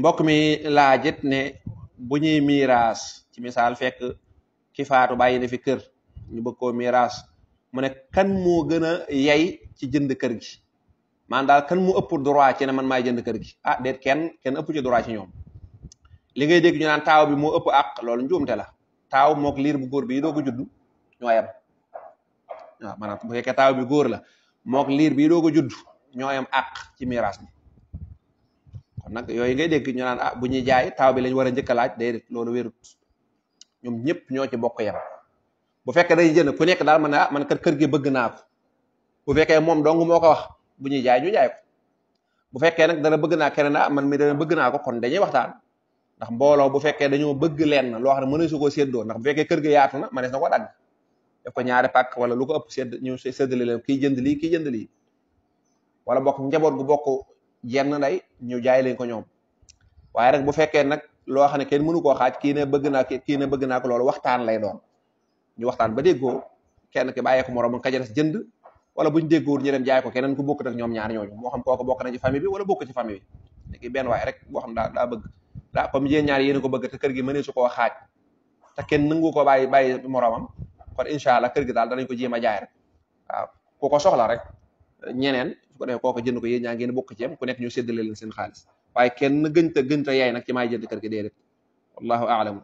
mbokk mi laajit ne bu ñuy miiraas ci misaal fekk ki faatu yi na fi kër ñu bëgg koo miiraas mu ne kan moo gën a yey ci jënd kër gi maanaam daal kan mu ëpp droit ci ne man maay jënd kër gi ah déet kenn kenn ëpp ci droit ci ñoom li ngay dégg ñu naan taaw bi moo ëpp àq loolu njuumte la taaw mook liir bu góor bi doo judd ñoo yem waaw maanaam bu taaw bi góor la mook liir bi doo ko judd ñoo yem ci miiraas bi kon nag yooyu ngay dégg ñu naan a ah, bu ñuy jaay taaw bi lañ war a njëkk a laaj déedéet loolu wérut ñoom ñëpp ñoo ci bokk yem bu fekkee dañuy jënd ku nekk daal man ah man kat kër gi bëgg naa bu fekkee moom dong moo ko wax bu ñuy jaay ñu jaay bu fekkee nag dana bëgg naa keneen ah man mi dana bëgg naa ko kon dañuy waxtaan ndax mbooloo bu fekkee dañoo bëgg lenn loo xam ne mënuñu su koo seddoo ndax bu fekkee kër gi yaatu na mënees na ko dagg def ko ñaari pàkk wala lu ko ëpp sédd ñu séddale leen kii jënd lii kii jënd lii wala bokk njaboot gu bokk jenn nday ñu jaay leen ko ñoom waaye rek bu fekkee nag loo xam ne kenn mënu koo xaaj kii ne bëgg naa kii ne bëgg naa ko loolu lay doon ñu waxtaan ba déggoo kenn ki bàyyee ko moroomam ka ca jënd wala buñ déggoo ñu jaay ko keneen ku bokk nag ñoom ñaar ñooñu moo xam kooku bokk na ci famille bi wala bokk ci famille bi léegi xam daa daa bëgg daa ñaar yéen ko bëgg te kër gi mënee ko koo xaaj te kenn nangu ko bàyyi bàyyi moroomam kon incha allah kër gi daal danañ ko jéem a jaay rek waaw ku ko soxla rek ñeneen su ko defee kooku jënd ko yéen ñaa ngeen bokk ci yem ku nekk ñu séddale leen seen xaalis waaye kenn gënta gënta yaay nag ci maay jënd kër gi déedéet wallahu aalamu